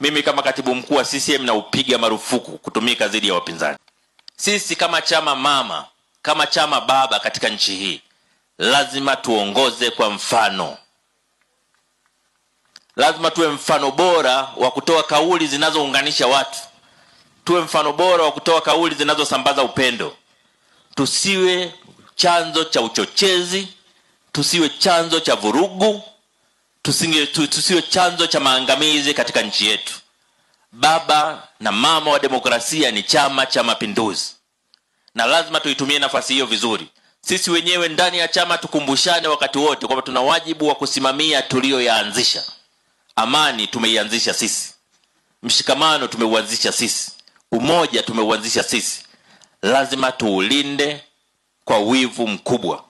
Mimi kama katibu mkuu wa CCM naupiga marufuku kutumika dhidi ya wapinzani. Sisi kama chama mama, kama chama baba katika nchi hii, lazima tuongoze kwa mfano, lazima tuwe mfano bora wa kutoa kauli zinazounganisha watu, tuwe mfano bora wa kutoa kauli zinazosambaza upendo tusiwe chanzo cha uchochezi, tusiwe chanzo cha vurugu, tusiwe, tusiwe chanzo cha maangamizi katika nchi yetu. Baba na mama wa demokrasia ni Chama cha Mapinduzi, na lazima tuitumie nafasi hiyo vizuri. Sisi wenyewe ndani ya chama tukumbushane wakati wote kwamba tuna wajibu wa kusimamia tuliyoyaanzisha. Amani tumeianzisha sisi, mshikamano tumeuanzisha sisi, umoja tumeuanzisha sisi lazima tuulinde kwa wivu mkubwa.